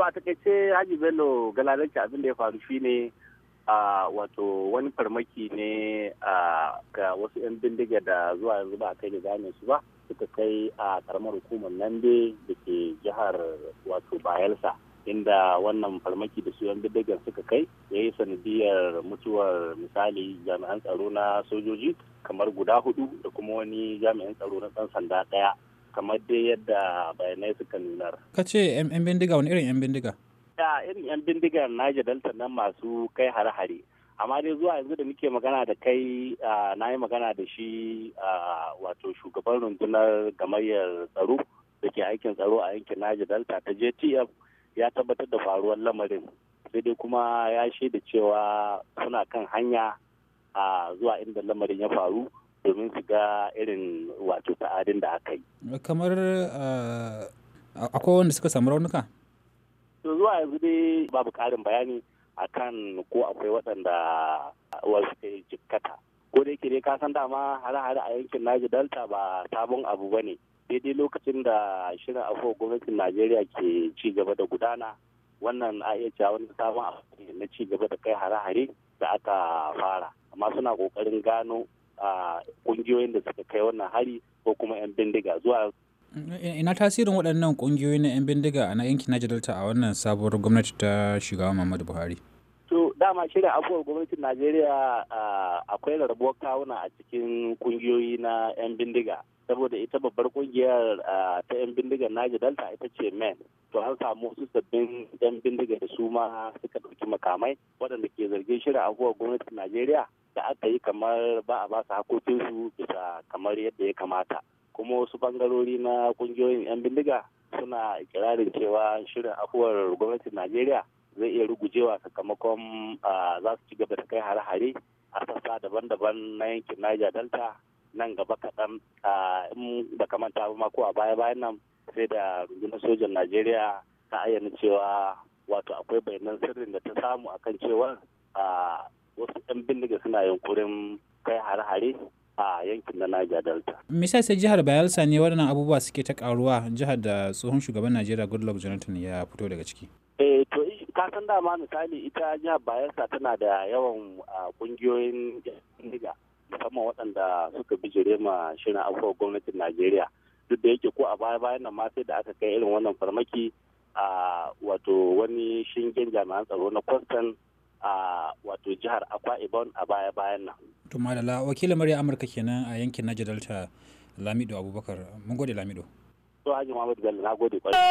to a takaice haji bello galalanci abin da ya faru shine wato wani farmaki ne ga wasu 'yan bindiga da zuwa yanzu ba a kai da su ba suka kai a karamar hukumar nande da ke jihar wato bayelsa inda wannan farmaki da su yan bindigar suka kai ya yi sanadiyar mutuwar misali jami'an tsaro na sojoji kamar guda hudu da kuma wani jami'an tsaro na ɗan sanda ɗaya kamar dai yadda bayanai suka nunar. Ka ce 'yan bindiga wani irin 'yan bindiga? ya irin 'yan bindigar na jadalta nan masu kai hare-hare. Amma dai zuwa yanzu da muke magana da kai na yi magana da shi wato shugaban rundunar gamayyar tsaro da ke aikin tsaro a yankin Niger Delta ta JTF ya tabbatar da faruwar lamarin. Sai dai kuma ya shaida cewa suna kan hanya zuwa inda lamarin ya faru. domin su ga irin wato ta'adin da aka yi. Kamar eh, akwai wanda suka samu raunuka? To zuwa yanzu dai babu karin bayani akan ko akwai waɗanda wasu jikkata. Ko da yake dai ka san dama hare-hare a yankin Naji Delta ba sabon abu ba ne. Daidai lokacin da shirin afuwa gwamnatin Najeriya ke ci gaba da gudana wannan a iya cewa wani sabon abu na ci gaba da kai hare-hare da aka fara. Amma suna ƙoƙarin gano kungiyoyin da suka kai wannan hari ko kuma 'yan bindiga zuwa ina tasirin waɗannan kungiyoyi na 'yan bindiga a na yankin na Delta a wannan sabuwar gwamnati ta shugaba mamadu Buhari to dama shirin abubuwan gwamnatin Najeriya akwai rarrabuwar kawuna a cikin kungiyoyi na 'yan bindiga saboda ita babbar kungiyar ta 'yan bindigar na Delta ita ce MEN to an samu wasu sabbin yan bindiga da su ma suka ɗauki makamai waɗanda ke zargin shirin abubuwan gwamnatin najeriya da aka yi kamar ba a ba su bisa kamar yadda ya kamata kuma wasu bangarori na kungiyoyin 'yan bindiga suna ikirarin cewa shirin afuwar gwamnatin najeriya zai iya rugujewa sakamakon za su ci gaba da kai hare-hare a sassa daban-daban na yankin niger delta nan gaba kaɗan in da kamanta ba ko a baya-bayan nan sai da rundunar sojan najeriya ta ayyana cewa wato akwai bayanan sirrin da ta samu akan cewar a wasu 'yan bindiga suna yunkurin kai hare-hare a yankin na Niger Delta. Misali sai jihar Bayelsa ne waɗannan abubuwa suke ta karuwa jihar da tsohon shugaban Najeriya Goodluck Jonathan ya fito daga ciki. Eh to ka san dama misali ita jihar Bayelsa tana da yawan kungiyoyin bindiga musamman waɗanda suka bijire ma shirin abubuwan gwamnatin Najeriya. duk da yake ko a baya bayan nan ma sai da aka kai irin wannan farmaki a wato wani shingen jami'an tsaro na kwastan a wato jihar akwa ibon a baya bayan nan to malala wakilin murya amurka kenan a yankin na jadalta lamido abubakar mun gode lamido to haji muhammadu bello na gode kwarai